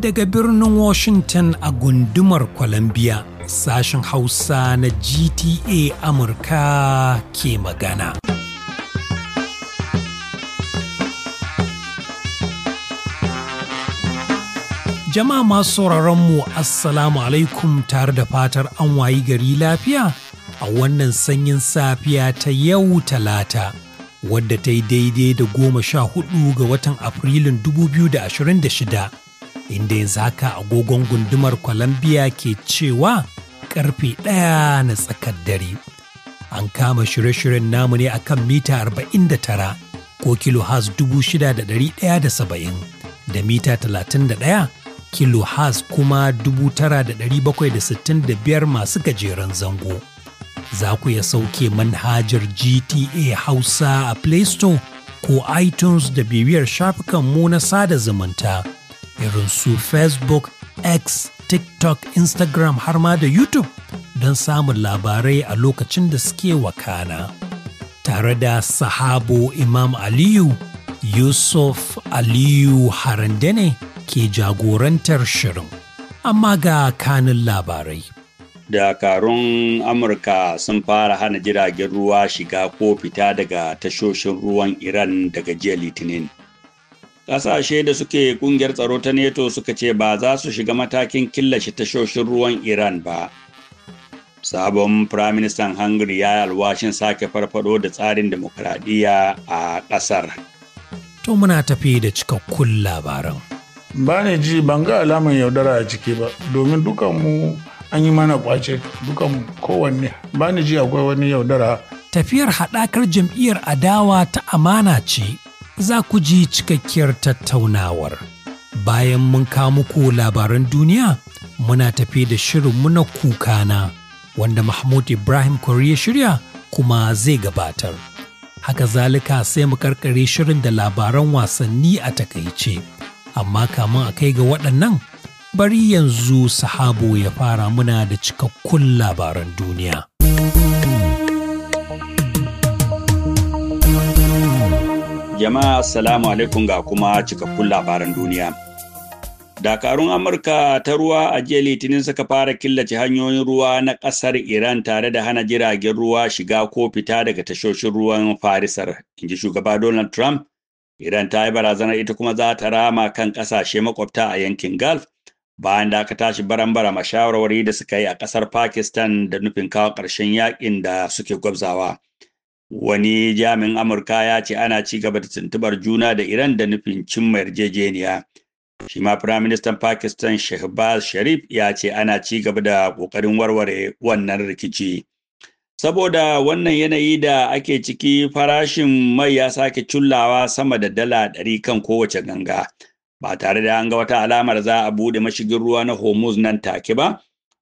Daga birnin Washington a gundumar Columbia, sashen Hausa na GTA Amurka ke magana. Jama'a masu mu Assalamu alaikum tare da fatar an wayi gari lafiya a wannan sanyin safiya ta yau talata. wadda ta yi daidai da goma sha hudu ga watan Afrilun 2026, inda yanzu haka agogon gundumar kwalambiya ke cewa karfe ɗaya na tsakar dare. An kama shirye-shiryen namu ne kan mita 49 ko kilo has 6,170 da mita 31 kilo has kuma biyar masu gajeren zango. za ku ya sauke manhajar GTA Hausa a Play Store ko iTunes da bibiyar shafukanmu na sada zumunta irin su Facebook, X, TikTok, Instagram har ma da YouTube don samun labarai a lokacin da suke wakana. Tare da sahabo Imam Aliyu, Yusuf Aliyu harandene ke jagorantar shirin. Amma ga kanin labarai. dakarun amurka sun fara hana jiragen ruwa shiga ko fita daga tashoshin ruwan iran daga jiya litinin ƙasashe da suke ƙungiyar tsaro ta neto suka ce ba za su shiga matakin killace tashoshin ruwan iran ba sabon firaministan hungary ya yi alwashin sake farfado da tsarin demokradiyya a ƙasar to muna tafi da cikakkun labaran ba ji ban ga alamun yaudara a ciki ba domin dukanmu an yi mana kwace dukan kowanne ba ni ji akwai wani yaudara. Tafiyar haɗakar jam'iyyar adawa ta amana ce za ku ji cikakkiyar tattaunawar. Bayan mun kawo muku labaran duniya muna tafi da shirinmu na kukana wanda Mahmud Ibrahim ya shirya kuma zai gabatar. Haka zalika sai mu karkare shirin da labaran wasanni a takaice. Amma kamun a kai ga waɗannan bari yanzu sahabo ya fara muna da cikakkun labaran duniya. Jama'a Assalamu alaikum ga kuma cikakkun labaran duniya. Dakarun Amurka ta ruwa a jiya Litinin suka fara killace hanyoyin ruwa na ƙasar Iran tare da hana jiragen ruwa shiga ko fita daga tashoshin ruwan Farisar, In ji shugaba Donald Trump. Iran ta yi barazanar ita kuma za ta rama kan ƙasashe makwabta a yankin Gulf bayan da aka tashi baran-bara mashawarwari da suka yi a ƙasar Pakistan da nufin kawo ƙarshen yakin da suke gwabzawa. Wani jami'in Amurka ya ce ana ci gaba da tuntubar juna da Iran da nufin cimma yarjejeniya. Shi ma Firaministan Pakistan Shehbaz Sharif ya ce ana ci gaba da ƙoƙarin warware wannan rikici. Saboda wannan yanayi da ake ciki farashin mai ya sake cullawa sama da dala ɗari kan kowace ganga. ba tare da an ga wata alamar za a bude mashigin ruwa na hormuz nan take ba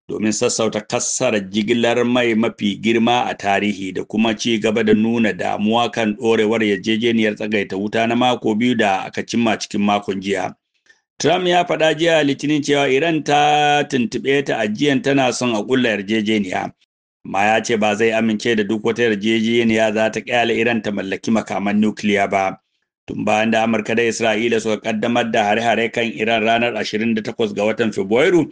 domin sassauta kassara jigilar mai mafi girma a tarihi da kuma ci gaba da nuna damuwa kan ɗorewar yarjejeniyar tsagaita wuta na mako biyu da aka cimma cikin makon jiya. Trump ya faɗa jiya litinin cewa Iran ta tuntuɓe ta ajiyan tana son a ƙulla yarjejeniya. Amma ya ce ba zai amince da duk wata yarjejeniya za ta ƙyale Iran ta mallaki makaman nukiliya ba. tun bayan da amurka da isra'ila suka kaddamar da hare-hare kan iran ranar 28 ga watan fabrairu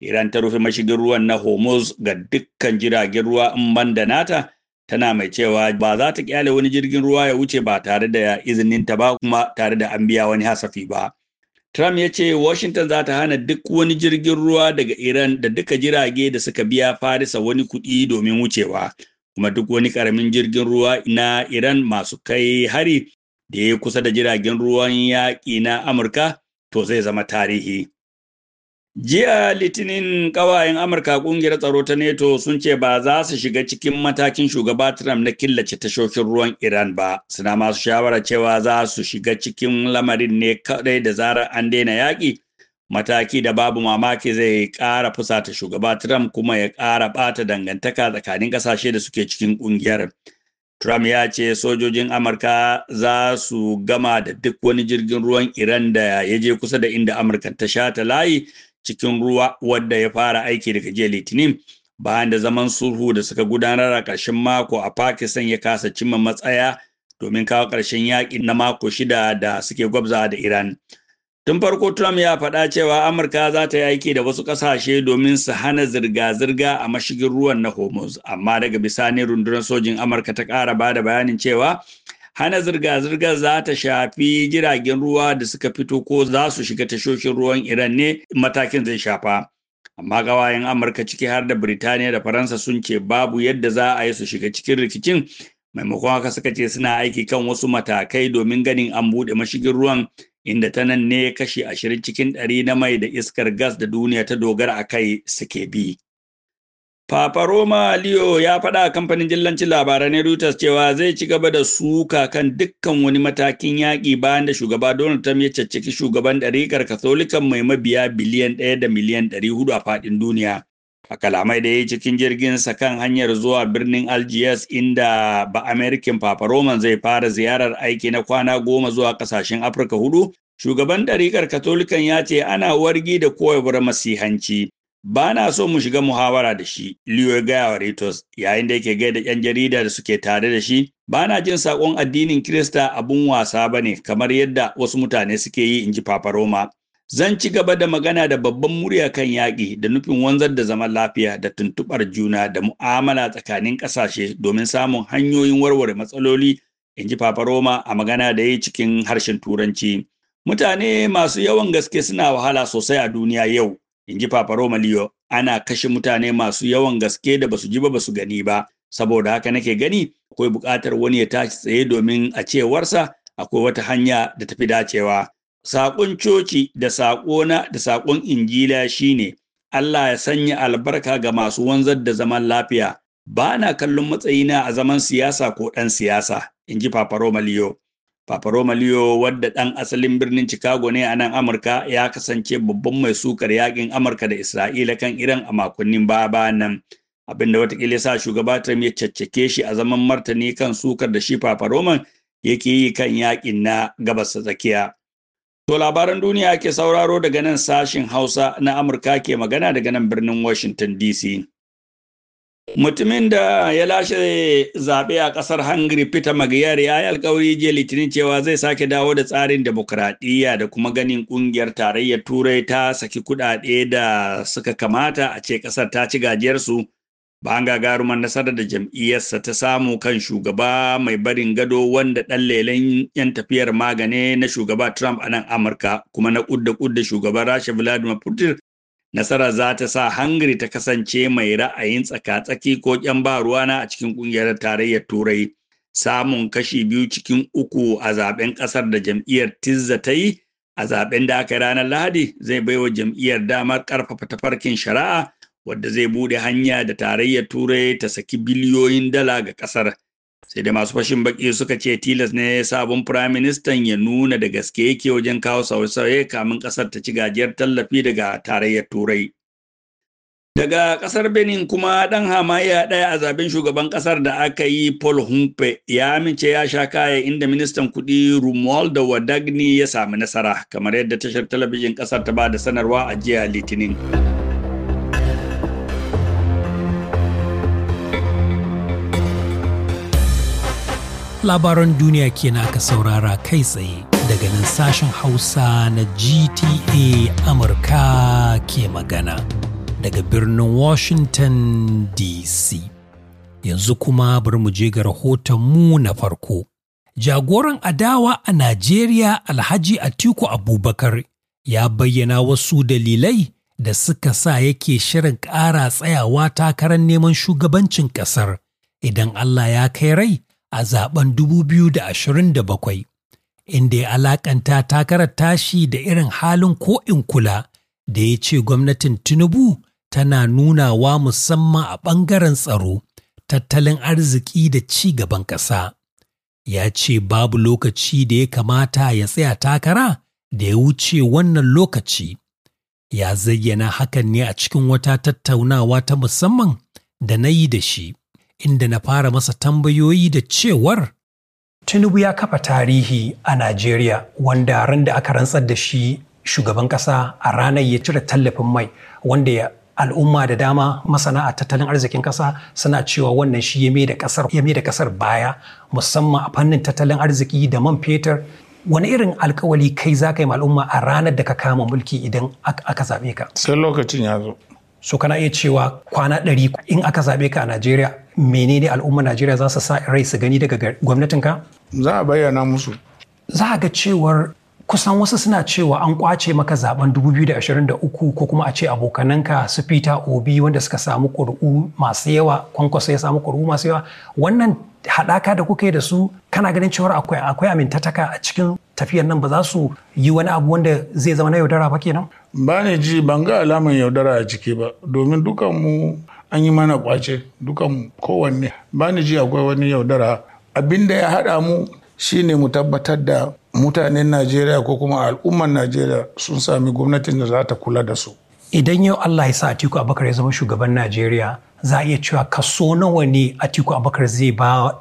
iran ta rufe mashigin ruwan na hormuz ga dukkan jiragen ruwa in banda nata tana mai cewa ba za ta kyale wani jirgin ruwa ya wuce ba tare da izinin ta ba kuma tare da an biya wani hasafi ba Trump ya ce Washington za ta hana duk wani jirgin ruwa daga Iran da duka jirage da suka biya Farisa wani kuɗi domin wucewa, kuma duk wani ƙaramin jirgin ruwa na Iran masu kai hari da ya kusa da jiragen ruwan yaƙi na Amurka to zai zama tarihi. Jiya Litinin ƙawayen Amurka ƙungiyar tsaro ta NATO sun ce ba za su shiga cikin matakin shugaba Trump na killace tashoshin ruwan Iran ba, suna masu shawara cewa za su shiga cikin lamarin ne kaɗai da zarar an daina yaƙi, mataki da babu mamaki zai ƙara fusata shugaba Trump kuma ya ƙara ɓata dangantaka tsakanin ƙasashe da suke cikin ƙungiyar. Trump ya ce sojojin Amurka za su gama da duk wani jirgin ruwan Iran da ya je kusa da inda Amurka ta shata layi cikin ruwa wadda ya fara aiki daga jiya Litinin. Bayan da zaman sulhu da suka gudanar a ƙarshen mako a Pakistan ya kasa cimma matsaya domin kawo ƙarshen yaƙi na mako shida da suke gwabza da Iran. Tun farko Trump ya faɗa cewa Amurka za ta yi aiki da wasu ƙasashe domin su hana zirga-zirga a mashigin ruwan na Hormuz, amma daga bisani rundunar sojin Amurka ta ƙara ba da bayanin cewa hana zirga zirga za ta shafi jiragen ruwa da suka fito ko za su shiga tashoshin ruwan Iran ne matakin zai shafa. Amma gawayen Amurka ciki har da Birtaniya da Faransa sun ce babu yadda za a yi su shiga cikin rikicin maimakon haka suka ce suna aiki kan wasu matakai domin ganin an buɗe mashigin ruwan inda ta nan ne kashi ashirin cikin ɗari na mai da iskar gas da duniya ta dogara a kai suke bi. Papa Roma Leo ya faɗa a kamfanin jillancin labarai na Reuters cewa zai ci gaba da suka kan dukkan wani matakin yaƙi bayan da shugaba Donald Trump ya cacciki shugaban ɗariƙar Katolikan mai mabiya biliyan ɗaya da miliyan ɗari hudu a faɗin duniya. a kalamai da ya yi cikin jirgin sa kan hanyar zuwa birnin algiers inda ba american papa roman zai fara ziyarar aiki na kwana goma zuwa kasashen afirka hudu shugaban ɗarikar katolikan ya ce ana wargi da koyarwar masihanci ba na so mu shiga muhawara da shi Leo gaya wa ritos yayin da yake gaida yan jarida da suke tare da shi ba na jin saƙon addinin kirista abun wasa ba ne kamar yadda wasu mutane suke yi in ji papa roma Zan ci gaba da magana da babban murya kan yaƙi da nufin wanzar da zaman lafiya da tuntuɓar juna da mu'amala tsakanin ƙasashe domin samun hanyoyin warware matsaloli, in ji Papa Roma a magana da yi cikin harshen Turanci. Mutane masu yawan gaske suna wahala sosai a duniya yau, in ji Papa Roma Leo, ana kashe mutane masu yawan gaske da basu ji ba basu gani ba, saboda haka nake gani akwai buƙatar wani ya tashi tsaye domin a cewarsa akwai wata hanya da tafi dacewa. Saƙon coci da saƙona da saƙon injila shine Allah ya sanya albarka ga masu wanzar da zaman lafiya. Ba na kallon matsayina a zaman siyasa ko ɗan siyasa, in ji Papa Romaliyo. Papa Romaliyo wadda ɗan asalin birnin Chicago ne a nan Amurka ya kasance babban mai sukar yaƙin Amurka da Isra'ila kan Iran a makonnin baya nan. abin Abinda watakila sa shugaba Trump ya caccake shi a zaman martani kan sukar da shi Papa Roman yake yi kan yaƙin na gabas ta tsakiya. To labaran duniya ke sauraro daga nan sashin Hausa na Amurka ke magana daga nan birnin Washington DC. Mutumin da ya lashe zaɓe a ƙasar Hungary Peter Magyar ya yi alkawari jiya Litinin cewa zai sake dawo da tsarin demokuraɗiyya da kuma ganin ƙungiyar tarayyar Turai ta saki kuɗaɗe da suka kamata a ce ƙasar ta ci gajiyarsu an gagarumar nasarar da jam'iyyarsa ta samu kan shugaba mai barin gado wanda ɗan lelen 'yan tafiyar magane na shugaba Trump a nan Amurka kuma na ƙudda kudda shugaban Rasha Vladimir Putin nasara za ta sa Hungary ta kasance mai ra'ayin tsaka-tsaki ko ƙyan ba ruwana a cikin ƙungiyar tarayyar Turai. Samun kashi biyu cikin uku a zaben ƙasar da jam'iyyar Tizza ta yi a zaben da aka yi ranar Lahadi zai baiwa jam'iyyar damar ƙarfafa tafarkin shari'a wadda zai bude hanya da tarayyar turai ta saki biliyoyin dala ga kasar sai da masu fashin baki suka ce tilas ne sabon firaministan ya nuna da gaske yake wajen kawo sauye-sauye kamin kasar ta ci gajiyar tallafi daga tarayyar turai daga kasar benin kuma dan hamayya daya a zaben shugaban kasar da aka yi paul humpe ya amince ya sha kaya inda ministan kudi da wadagni ya sami nasara kamar yadda tashar talabijin kasar ta ba da sanarwa a jiya litinin labaran duniya kenan aka saurara kai tsaye daga nan sashen hausa na gta amurka ke magana daga birnin washington dc yanzu kuma bari mu je ga rahotonmu na farko jagoran adawa a najeriya alhaji atiku abubakar ya bayyana wasu dalilai da suka sa yake shirin ƙara tsayawa takarar neman shugabancin ƙasar idan allah ya kai rai a zaben 2027 inda ya alakanta takarar tashi da irin halin ko'in kula da ya ce gwamnatin tinubu tana nunawa musamman a ɓangaren tsaro tattalin arziki da ci gaban ƙasa ya ce babu lokaci da ya kamata ya tsaya takara da ya wuce wannan lokaci ya zayyana hakan ne a cikin wata tattaunawa ta musamman da na yi da shi inda na fara masa tambayoyi da cewar Tinubu ya kafa tarihi a Najeriya wanda ran da aka rantsar da shi shugaban ƙasa a ranar ya cire tallafin mai wanda ya al'umma da dama masana a tattalin arzikin ƙasa suna cewa wannan shi ya da da ƙasar baya musamman a fannin tattalin arziki da man fetur wani irin alkawali kai za ka yi al'umma a ranar da ka kama mulki idan aka zaɓe ka sai lokacin ya zo so kana iya cewa kwana ɗari in aka zaɓe ka a najeriya menene al'ummar najeriya za su sa rai su gani daga gwamnatinka za a bayyana musu za a ga cewar kusan wasu suna cewa an kwace maka zaben 2023 ko kuma a ce abokananka su fita Obi wanda suka samu ƙuri'u masu yawa kwankwaso ya samu ƙuri'u masu yawa wannan haɗaka da kuka yi da su kana ganin cewar akwai amintattaka a cikin tafiyar nan ba za su yi wani abu wanda zai zama na yaudara ba kenan ba ne ji ban ga alamun yaudara a ciki ba domin dukanmu an yi mana kwace dukanmu kowanne ba ne ji akwai wani yaudara abinda ya haɗa mu shine mu tabbatar da mutanen najeriya ko kuma al'ummar najeriya sun sami gwamnatin da za ta kula da su idan yau allah ya sa atiku abakar ya zama shugaban najeriya za a iya cewa kaso nawa ne atiku abakar zai ba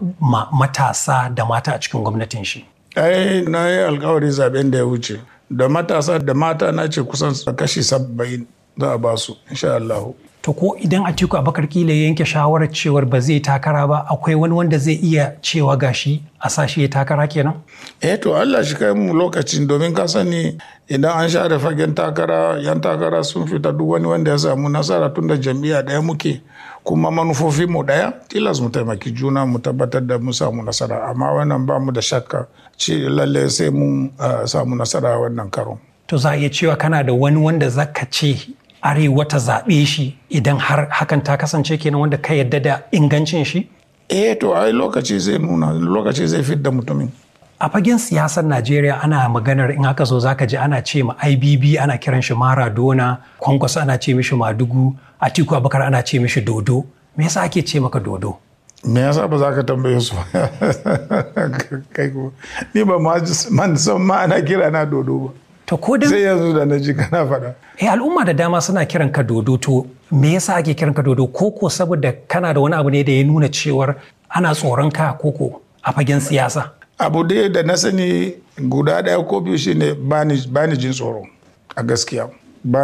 matasa da mata a cikin gwamnatin shi ai na yi alkawari zaben da ya wuce da matasa da mata na ce kusan kashi saba'in za a basu su insha Allah to ko idan a Atiku Bakar kila yanke shawarar cewar ba zai takara ba akwai wani wanda zai iya cewa gashi a sashi ya takara kenan? Eh to Allah shi kai mu lokacin domin ka sani idan an share fagen takara yan takara sun fita duk wani wanda ya samu nasara tun da jam'iyya ɗaya muke kuma manufofi mu ɗaya tilas mu taimaki juna mu tabbatar da mu samu nasara amma wannan ba mu da shakka ce lalle sai mun eh, samu nasara wannan karo. To za a iya cewa kana da wani wanda zaka ce arewa ta zaɓe shi idan har hakan ta kasance kenan wanda ka yadda da ingancin shi? eh to ai lokaci zai nuna lokaci zai fidda mutumin a fagen siyasar najeriya ana maganar in haka zo zaka ji ana ce ma ibb ana kiran shi dona kwankwaso ana ce mishi madugu atiku abakar ana ce mishi dodo me yasa ake ce maka dodo me yasa ba za ka tambaye su kai ni ba ma san ma ana kira na dodo ba to ko dan sai yanzu da na ji kana faɗa eh al'umma da dama suna kiran ka dodo to me yasa ake kiran ka dodo ko ko saboda kana da wani abu ne da ya nuna cewar ana tsoron ka ko ko a fagen siyasa abu dai da na sani guda ɗaya ko biyu shine bani jin tsoro a gaskiya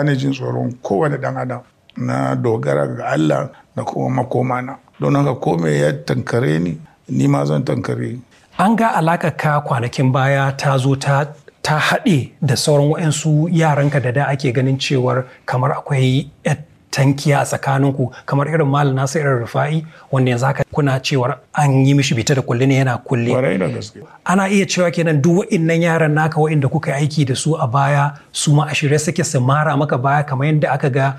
ni jin tsoron kowane ɗan adam na dogara ga Allah da kuma makoma na don haka kome ya tankare ni ni ma zan tankare an ga alaƙa ka kwanakin baya ta zo ta ta haɗe da sauran waɗansu yaranka da da ake ganin cewar kamar akwai tankiya a tsakaninku kamar irin malam nasu irin rufa'i wanda yanzu haka kuna cewar an yi mishi bita da kulle ne yana kulle ana iya cewa kenan duk wa'innan yaran naka waɗanda kuka aiki da su a baya su ma ashirya suke su mara maka baya kamar yadda aka ga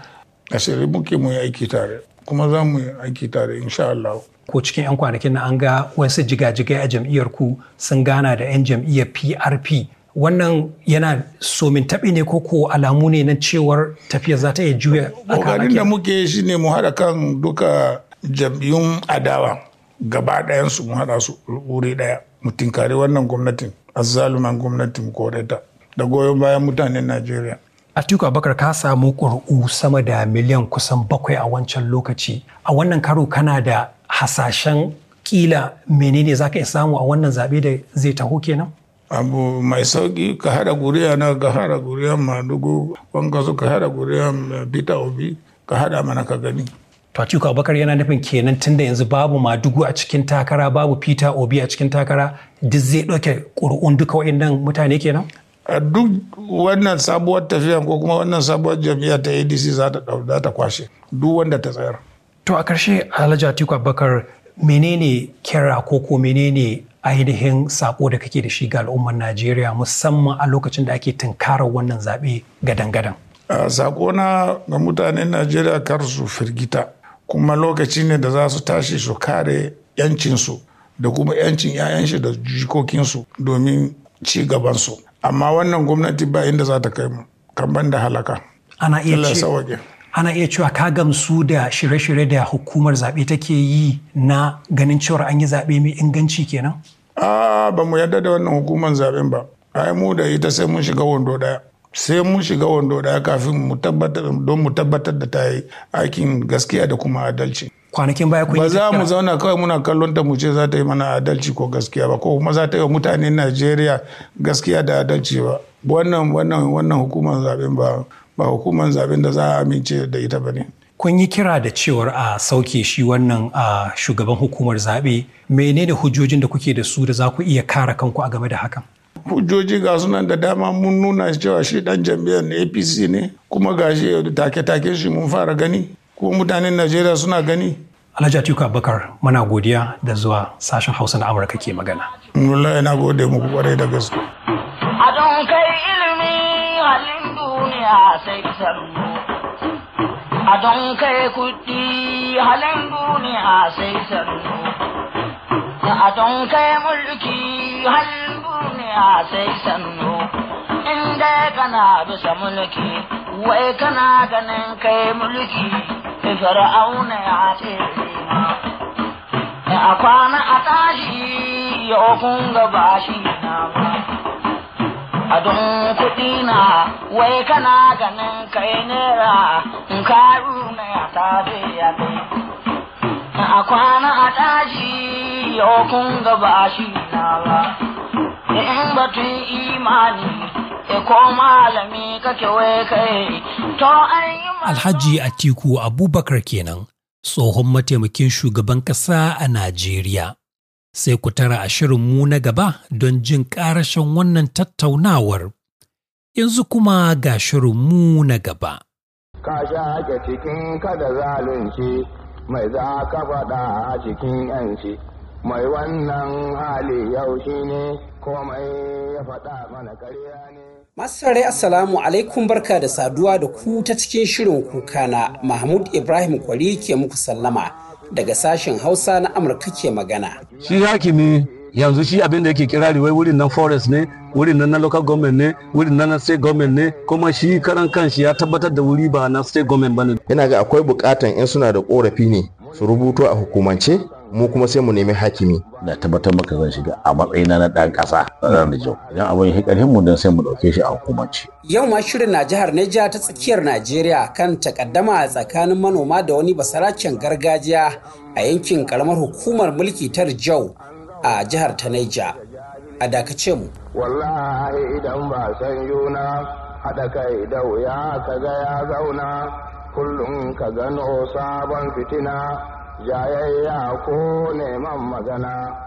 a muke mu yi aiki tare kuma za mu yi aiki tare insha Allah ko cikin 'yan kwanakin na an ga wasu jigajigai a jam'iyyar ku sun gana da 'yan jam'iyyar PRP wannan yana somin taɓi ne ko ko alamu ne na cewar tafiyar za ta iya juya a kokarin da muke shi ne mu haɗa kan duka jam'iyyun adawa gaba su mu haɗa su wuri ɗaya mu tinkari wannan gwamnatin azzaluman gwamnatin koreta da goyon bayan mutanen najeriya Atiku Abubakar ka samu ƙuri'u sama da miliyan kusan bakwai a wancan lokaci. A wannan karo kana da hasashen kila menene za ka iya samu a wannan zaɓe da zai taho kenan? abu mai sauki ka hada guriya na ka hada guriya madugu wanka su ka hada guriya peter obi ka hada mana ka gani to Atiku Abubakar yana nufin kenan tunda yanzu babu Madugu a cikin takara babu Peter Obi a cikin takara duk zai ɗauke ƙuri'un duka waɗannan mutane kenan? A duk wannan sabuwar tafiya ko kuma wannan sabuwar jam'iyya ta ADC za ta kwashe duk wanda ta tsayar. To a ƙarshe Alhaji Atiku Abubakar menene kira ko ko menene ainihin sako da kake da shi ga al'ummar Najeriya musamman a lokacin da ake tunkarar wannan zaɓe gadan-gadan? Sako na ga mutanen Najeriya kar su firgita kuma lokaci ne da za su tashi su kare 'yancinsu da kuma 'yancin ya'yan shi da jikokinsu domin ci gabansu. Amma wannan gwamnati ba inda za ta kai mu, kan da halaka. Ana iya ce. ana iya cewa ka gamsu da shirye-shirye da hukumar zaɓe take yi na ganin cewar an yi zaɓe mai inganci kenan? A ba mu yadda da wannan hukumar zaɓen ba. Ai mu da ita sai mun shiga wando ɗaya. Sai mun shiga wando ɗaya kafin mu don mu tabbatar da ta yi aikin gaskiya da kuma adalci. Kwanakin baya kun Ba za mu zauna kawai muna kallon ta mu ce za ta yi mana adalci ko gaskiya ba ko kuma za ta yi wa mutanen Najeriya gaskiya da adalci ba. Wannan wannan wannan hukumar zaɓen ba. ba hukumar zaben da za a amince da ita ba ne. Kun yi kira da cewar a sauke shi wannan a shugaban hukumar zaɓe menene hujjojin da kuke da su da za ku iya kare kanku a game da hakan? hujjoji ga sunan da dama mun nuna cewa shi dan jam'iyyar apc ne kuma ga shi take-take shi mun fara gani kuma mutanen najeriya suna gani alhaji atiku abubakar muna godiya da zuwa sashen hausa na amurka ke magana wallahi na gode muku kwarai da gaske tsaya a don kai kuɗi halin duniya sai a don kai mulki halin duniya sai sannu in dai kana bisa mulki wai kana ganin kai mulki fir'auna ya tsere a kwana a tashi ya kun gaba shi na ba adon kuɗi na wai kana ganin kai nera in ka runa ya ta ya a kwana a tashi yau kun gaba shi na ba in batun imani Alhaji Atiku Abubakar kenan, tsohon mataimakin shugaban ƙasa a Najeriya. sai ku tara a mu na gaba don jin ƙarashen wannan tattaunawar. Yanzu kuma ga mu na gaba. Ka sha ake cikin kada zalunci mai za ka faɗa a cikin yanci, mai wannan hali yau shi ne komai ya faɗa mana karya ne. Masarai Assalamu alaikum barka da saduwa da ku ta cikin shirin kuka na Mahmud Ibrahim Kwari ke muku sallama. daga sashen Hausa na Amurka ke magana. Shi hakimi yanzu shi abin da yake kirari wai wurin nan forest ne wurin nan na local government ne wurin nan na state government ne kuma shi karan kanshi ya tabbatar da wuri ba na state government bane. Yana ga akwai bukatan in suna da korafi ne su rubuto a hukumance mu kuma sai mu nemi hakimi na tabbatar maka zan shiga a matsayina na dan kasa ranar jau idan abin ya karhin mu dan sai mu dauke shi a hukumance yau ma shirin na jihar Neja ta tsakiyar Najeriya kan takaddama tsakanin manoma da wani basaracen gargajiya a yankin karamar hukumar mulki ta Jau a jihar ta a dakace mu wallahi idan ba san yuna haɗa kai da wuya kaga ya zauna kullum ka gano sabon fitina jayayya ko neman magana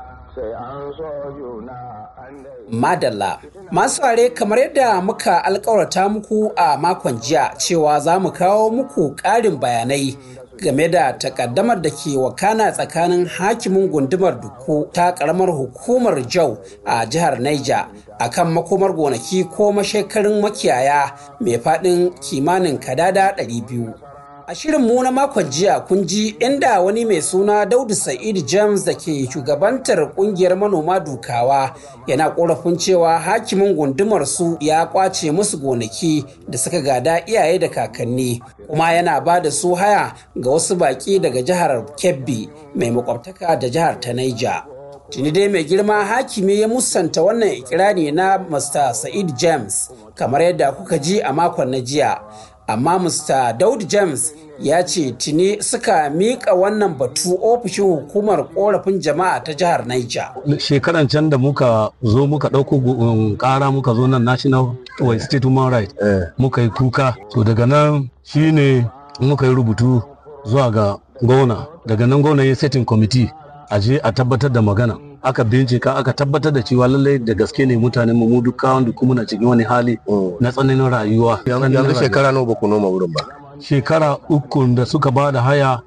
Madalla, masu are kamar yadda muka alkawarta muku a makon jiya cewa za mu kawo muku ƙarin bayanai game da takaddamar da ke wakana tsakanin hakimin gundumar duku ta karamar hukumar jau a jihar Niger kan makomar gonaki ko mashekarin makiyaya mai faɗin kimanin kadada 200. A shirin mu na makon jiya kun ji inda wani mai suna Daudu Said James da ke shugabantar kungiyar manoma dukawa yana korafin cewa hakimin gundumar su ya kwace musu gonaki da suka gada iyaye da kakanni kuma yana ba da su haya ga wasu baki daga jihar Kebbi mai makwabtaka da jihar ta Naija. Tuni dai mai girma hakimi ya musanta wannan ikirari na Mr. Sa'id James kamar yadda kuka ji a makon na jiya. amma mr daud james ya ce tuni suka mika wannan batu ofishin hukumar korafin jama'a ta jihar niger shekaran can da muka zo muka ɗauko um, ƙara muka zo nan national state human rights eh. muka yi kuka to daga nan shine muka yi rubutu zuwa ga gona daga nan gona ya setting committee a je a tabbatar da magana aka bincika aka tabbatar da cewa lallai da gaske ne mutanen mu duk wanda kuma na cikin wani hali na tsananin rayuwa yanzu shekara nawa ba ku noma wurin ba shekara uku da suka ba da haya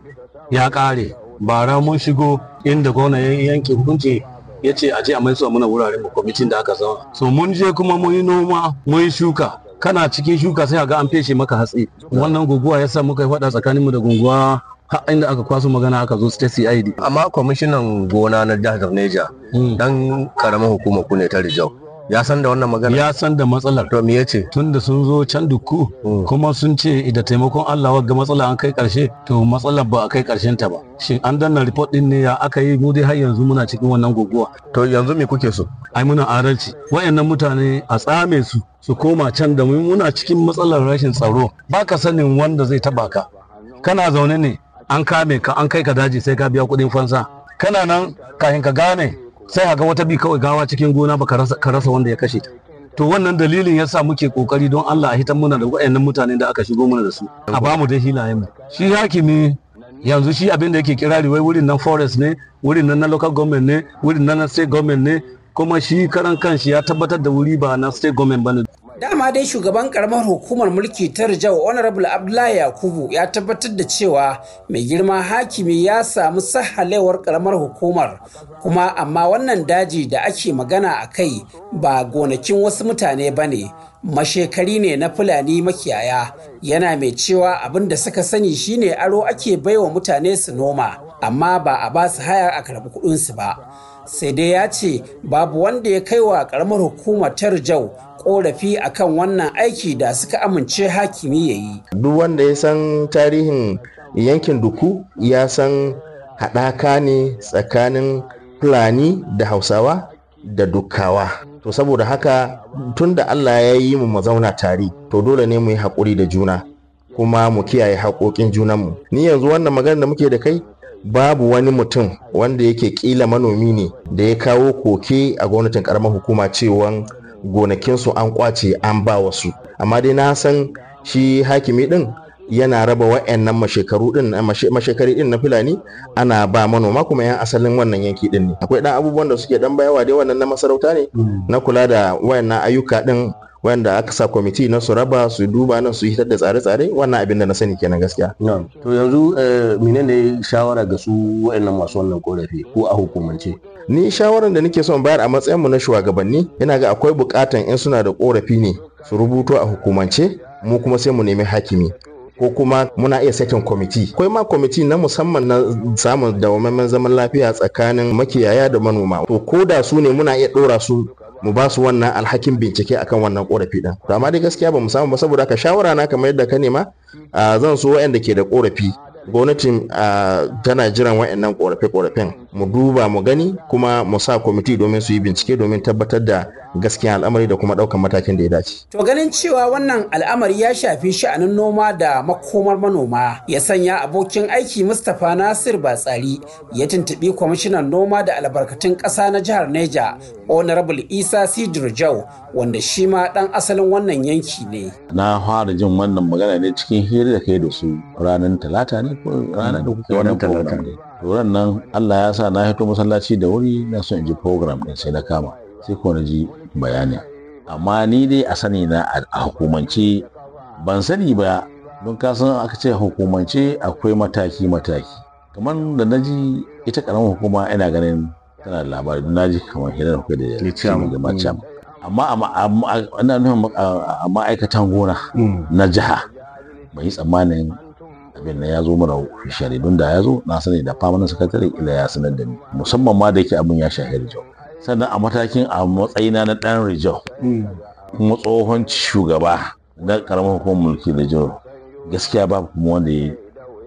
ya kare bara mun shigo inda gwamna ya yanke hukunci ya ce a je a maiso muna wuraren mu kwamitin da aka zama so mun je kuma mun yi noma mun yi shuka kana cikin shuka sai a ga an feshe maka hatsi wannan guguwa ya sa muka yi faɗa tsakaninmu da gunguwa har inda aka kwaso magana aka zo state cid amma kwamishinan gona na jihar neja hmm. dan karamin hukumar ku ne ta rijau ya san da wannan magana ya san da matsalar to me yace tun sun zo can dukku hmm. kuma sun ce da taimakon Allah ga matsala an kai karshe to matsalar ba a kai karshen ta ba shin an danna report din ne ya aka yi mu dai har yanzu muna cikin wannan guguwa to yanzu me kuke so ai muna adalci wayannan mutane a tsame su su koma can da mu muna cikin matsalar rashin tsaro baka sanin wanda zai taba ka kana zaune ne an kame ka an kai ka daji sai ka biya kudin fansa kana nan kafin ka gane sai ga wata bi kawai gawa cikin gona ba ka rasa wanda ya kashe ta to wannan dalilin ya sa muke kokari don Allah a hitan muna da wayannan mutane da aka shigo muna da su a bamu dai hilayen mu shi hakimi yanzu shi abin da yake kirari wai wurin nan forest ne wurin nan na local government ne wurin nan na state government ne kuma shi karan kanshi ya tabbatar da wuri ba na state government bane dama dai shugaban karamar hukumar mulki ta rijau honorable abdullahi yakubu ya tabbatar da cewa mai girma hakimi ya samu sahalewar karamar hukumar kuma amma wannan daji da ake magana a kai ba gonakin wasu mutane ba ne mashekari ne na fulani makiyaya yana mai cewa abin da suka sani shine aro ake baiwa mutane su noma amma ba a ba su hayar a karɓi kuɗinsu ba sai dai ya ce babu wanda ya kai wa karamar hukumar ta rijau korafi kan wannan aiki da suka amince hakimi ya yi duk wanda ya san tarihin yankin duku ya san haɗaka ne tsakanin fulani da hausawa da dukkawa to saboda haka tun da allah ya yi mu mazauna tare to dole ne mu yi haƙuri da juna kuma mu kiyaye haƙoƙin junanmu ni yanzu wannan magana da muke da kai babu wani mutum wanda yake kila manomi ne da ya kawo koke a gwamnatin karamar hukuma cewa gonakinsu an kwace an ba wasu amma dai na san shi hakimi din yana raba wa'annan mashekaru din mashekari din na fulani ana ba manoma kuma yan asalin wannan yanki din ne akwai dan abubuwan da suke dan bayawa dai wannan na masarauta ne mm. na kula da wayannan ayyuka din wanda aka sa kwamiti na su raba su duba nan su hitar da tsare-tsare wannan abin da na sani kenan gaskiya. to yanzu eh, ne shawara ga su waɗannan masu wannan korafi ko a hukumance. ni shawaran da nake son bayar a matsayin na shugabanni yana ga akwai bukatan in suna da korafi ne su rubuto a hukumance mu kuma sai mu nemi hakimi ko kuma muna iya sakin kwamiti akwai ma kwamiti na musamman na samun dawamaiman zaman lafiya tsakanin makiyaya da manoma to ko da su ne muna iya dora su mu ba su wannan alhakin bincike akan wannan korafi din to amma dai gaskiya ba mu samu ba saboda ka shawara na kamar yadda ka nema zan so wanda ke da korafi gwamnatin tana jiran waɗannan korafe-korafen mu duba mu gani kuma mu sa kwamiti domin su yi bincike domin tabbatar da gaskiya al'amari da kuma ɗaukan matakin da ya dace. To ganin cewa wannan al'amari ya shafi sha'anin noma da makomar manoma ya sanya abokin aiki Mustapha Nasir Batsari ya tuntuɓi kwamishinan noma da albarkatun ƙasa na jihar Neja Honorable Isa Sidir Jau wanda shi ma ɗan asalin wannan yanki ne. Na fara jin wannan magana ne cikin hira da kai da su ranar talata ne ko ranar da kuke wannan program ne. nan Allah ya sa na hito masallaci da wuri na so in ji program ɗin sai na kama. Sai ko na ji bayanin amma ni dai a sani na a hukumance ban sani ba don kasan aka ce hukumance akwai mataki-mataki kamar da na ji ita karamin hukuma yana ganin tana da labari na ji kamar hirar kai da ciyama mm. amma ana nufin a ma'aikatan gona mm. na jiha bai yi tsammanin abin da ya zo mana shari'a don da ya zo na sani da famanin sakatare ila ya sanar da ni musamman ma da yake abin ya shahari jau sannan a matakin a matsayina na ɗan rijau kuma tsohon shugaba na karamar hukumar mulki da jiro gaskiya babu kuma wanda ya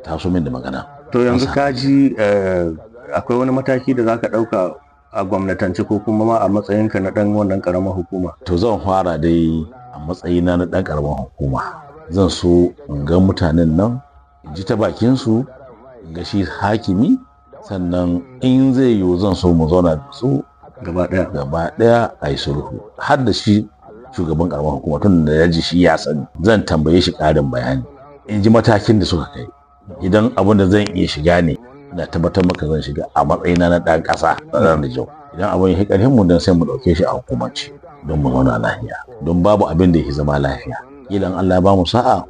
taso min da magana to yanzu kaji eh, akwai wani mataki da za ka ɗauka a gwamnatance ko kuma ma a matsayinka na ɗan wannan karamar hukuma to zan fara dai a matsayina na ɗan karamar hukuma zan so in ga mutanen nan in ji ta bakin su ga shi hakimi sannan in zai yiwu zan so mu zauna da su gaba daya gaba daya a yi sulhu har da shi shugaban karamar hukuma tun da ya ji shi ya sani zan tambaye shi karin bayani in ji matakin da suka kai idan abin da zan iya shiga ne na tabbatar maka zan shiga a matsayina na dan kasa na da rijau idan abin ya ƙarfin mu don sai mu ɗauke shi a hukumance don mu zauna lafiya don babu abin da ya zama lafiya idan Allah ba mu sa'a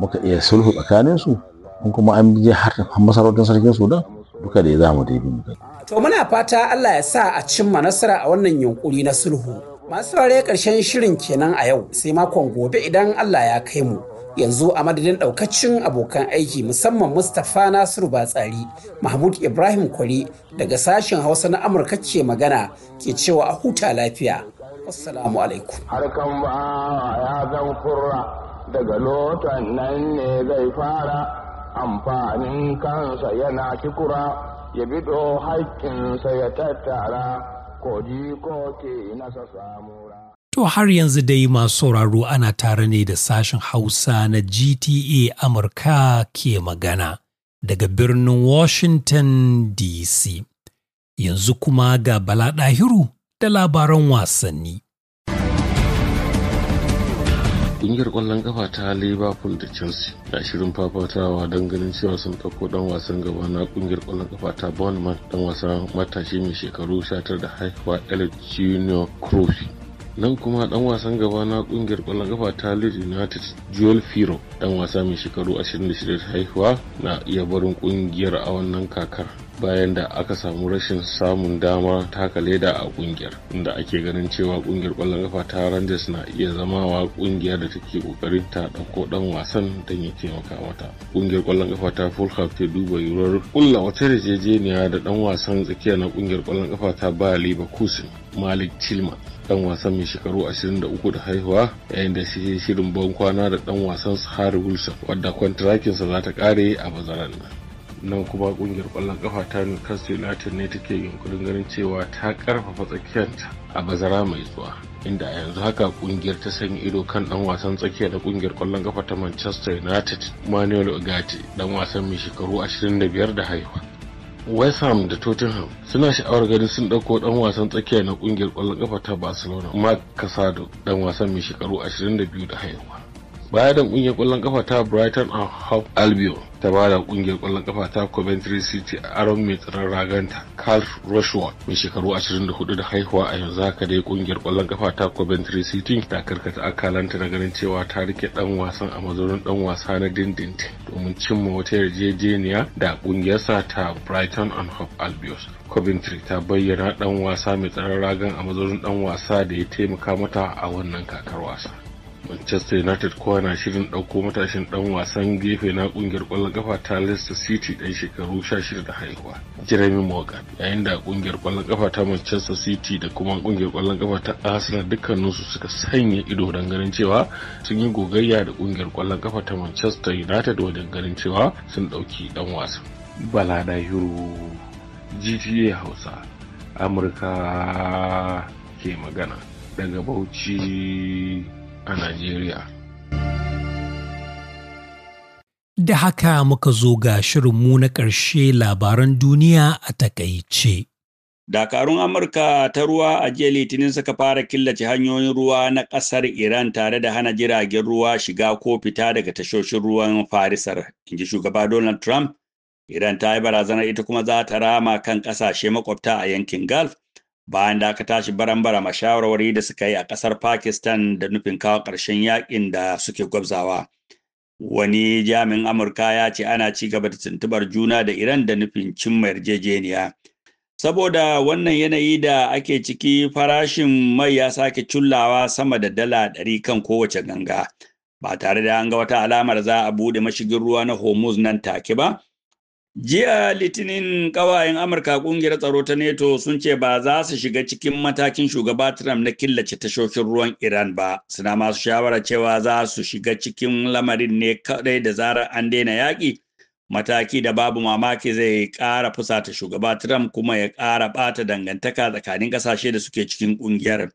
muka iya sulhu tsakaninsu in kuma an je har masarautar sarkin Sudan duka da ya za mu daidai mu kai To muna fata Allah ya sa a cimma nasara a wannan yunkuri na sulhu. Masu ware ƙarshen shirin kenan a yau sai makon gobe idan Allah ya kai mu. Yanzu a madadin ɗaukacin abokan aiki musamman Mustapha Nasiru Batsari, Mahmud Ibrahim Kwari daga sashen Hausa na Amurka ke magana ke cewa a huta lafiya. Assalamu alaikum. Harkan ba ya zan kurra daga lotan nan ne zai fara. amfanin kansa yana kikura ya bido haƙƙinsa ya tattara ji ko ke nasa samura. To har yanzu dai masu sauraro ana tare ne da sashen Hausa na GTA Amurka ke magana daga birnin Washington DC. Yanzu kuma ga Bala Ɗahiru da labaran wasanni. kungiyar ƙwallon kafa ta Liverpool da Chelsea na shirin fafatawa don ganin cewa sun ɗauko ɗan wasan gaba na ƙungiyar ƙwallon kafa ta Bournemouth ɗan wasa matashi mai shekaru 19 da haihuwa Elliot Junior nan kuma dan wasan gaba na kungiyar kwallon kafa ta Leeds United Joel Firo dan wasa mai shekaru 26 haihuwa na iya barin kungiyar a wannan kakar bayan da aka samu rashin samun dama taka leda a kungiyar inda ake ganin cewa kungiyar kwallon kafa ta Rangers na iya zama wa kungiyar da take kokarin ta dauko ɗan wasan don ya taimaka mata kungiyar kwallon kafa ta Fulham ta duba yuwar kulla wata yarjejeniya da dan wasan tsakiya na kungiyar kwallon kafa ta liba Leverkusen Malik Tilman dan wasan mai shekaru 23 da haihuwa yayin da shi shirin ban kwana da ɗan wasan Harry Wilson wadda kwantarakinsa za ta kare a bazaran nan nan kuma kungiyar kwallon kafa ta newcastle united ne take yunkurin ganin cewa ta karfafa tsakiyarta a bazara mai zuwa inda a yanzu haka kungiyar ta sanya ido kan dan wasan tsakiya da kungiyar kwallon kafa ta manchester united manuel ugati dan wasan mai shekaru 25 da haihuwa West Ham da Tottenham suna sha'awar ganin sun ɗauko ɗan wasan tsakiya na kungiyar ƙwallon kafa ta Barcelona Mark Casado ɗan wasan mai shekaru 22 da haihuwa. baya da kungiyar kwallon kafa ta brighton and hove albion ta ba da kungiyar kwallon kafa ta coventry city aron mai tsaron raganta carl rushworth mai shekaru 24 da haihuwa a yanzu haka dai kungiyar kwallon kafa ta coventry city ta karkata akalanta na ganin cewa ta rike dan wasan a mazaunin dan wasa na dindindin domin cimma wata yarjejeniya da kungiyarsa ta brighton and hove albion Coventry ta bayyana dan wasa mai tsaron ragan a mazaunin dan wasa da ya taimaka mata a wannan kakar wasa. manchester united kowa na shirin ɗauko matashin ɗan wasan gefe na ƙungiyar ƙwallon kafa ta leicester city ɗan shekaru 16 da haihuwa jeremy morgan yayin da ƙungiyar ƙwallon kafa ta manchester city da kuma ƙungiyar ƙwallon kafa ta arsenal dukkaninsu suka sanya ido don ganin cewa sun yi gogayya da ƙungiyar ƙwallon kafa ta manchester united wajen ganin cewa sun ɗauki ɗan wasan bala da hiru gta hausa amurka ke magana daga bauchi a Najeriya. Da haka muka zo ga shirinmu na ƙarshe labaran duniya a takaice. Dakarun Amurka ta ruwa a jiya Litinin suka fara killace hanyoyin ruwa na ƙasar Iran tare da hana jiragen ruwa shiga ko fita daga tashoshin ruwan Farisar, in ji shugaba Donald Trump. Iran ta yi barazanar ita kuma za ta rama kan ƙasashe makwabta a yankin Gulf bayan da aka tashi baran-bara mashawarwari da suka yi a ƙasar Pakistan da nufin kawo ƙarshen yakin da suke gwabzawa. Wani jami'in Amurka ya ce ana ci gaba da tuntubar juna da Iran da nufin cimma yarjejeniya. Saboda wannan yanayi da ake ciki farashin mai ya sake cullawa sama da dala ɗari kan kowace ganga, ba tare da an ga wata alamar za a buɗe mashigin ruwa na Hormuz nan take ba. Jiya Litinin ƙawayen Amurka ƙungiyar tsaro ta NATO sun ce ba za su shiga cikin matakin shugaba Trump na killace tashoshin ruwan Iran ba, suna masu shawara cewa za su shiga cikin lamarin ne kadai da zarar an daina yaƙi, mataki da babu mamaki zai ƙara fusata shugaba Trump kuma ya ƙara ɓata dangantaka tsakanin ƙasashe da suke cikin ƙungiyar.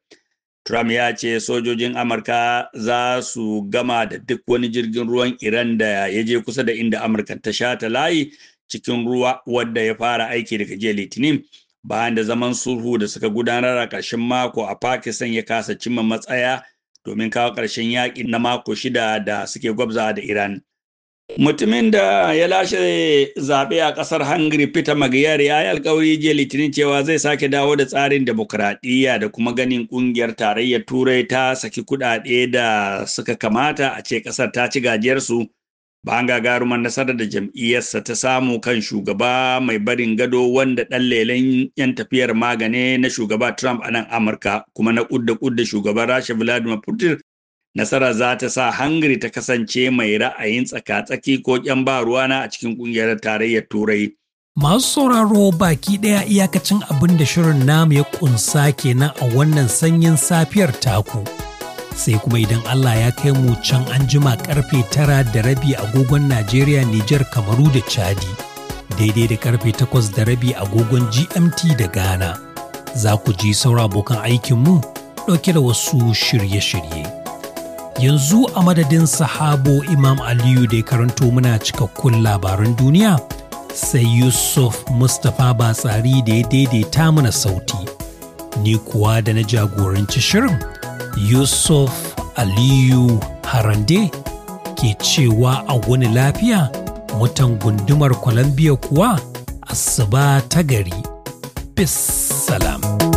Trump ya ce sojojin Amurka za su gama da duk wani jirgin ruwan Iran da ya je kusa da inda Amurka ta sha ta layi cikin ruwa wadda ya fara aiki daga jiya litinin bayan da zaman sulhu da suka gudanar a ƙarshen mako a pakistan ya kasa cimma matsaya domin kawo ƙarshen yaƙi na mako shida da suke gwabza da iran mutumin da ya lashe zaɓe a ƙasar hungary peter magyar ya yi alkawari jiya litinin cewa zai sake dawo da tsarin demokuraɗiyya da kuma ganin ƙungiyar tarayyar turai ta saki kuɗaɗe da suka kamata a ce ƙasar ta ci gajiyarsu an gagarumar nasarar da jam'iyyarsa ta samu kan shugaba mai barin gado wanda ɗan lelen 'yan tafiyar magane na shugaba Trump a nan Amurka kuma na kudda kudda shugaban Rasha Vladimir Putin nasara za ta sa Hungary ta kasance mai ra'ayin tsaka-tsaki ko ƙyan ba ruwana a cikin ƙungiyar tarayyar Turai. Masu sauraro baki ɗaya iyakacin abin da shirin namu ya ƙunsa kenan a wannan sanyin safiyar taku. sai kuma idan Allah ya kai mu can an jima karfe tara da rabi agogon Najeriya, Nijar, Kamaru da Chadi, daidai da karfe takwas da rabi agogon GMT da Ghana. Za ku ji saura abokan aikinmu ɗauke da wasu shirye-shirye. Yanzu a madadin sahabo Imam Aliyu da ya karanto muna cikakkun labaran duniya, sai Yusuf Mustapha Batsari da ya daidaita mana sauti. Ni kuwa da na jagoranci shirin. yusuf aliyu harande ke cewa a wani lafiya mutan gundumar columbia kuwa asuba ta gari bis salam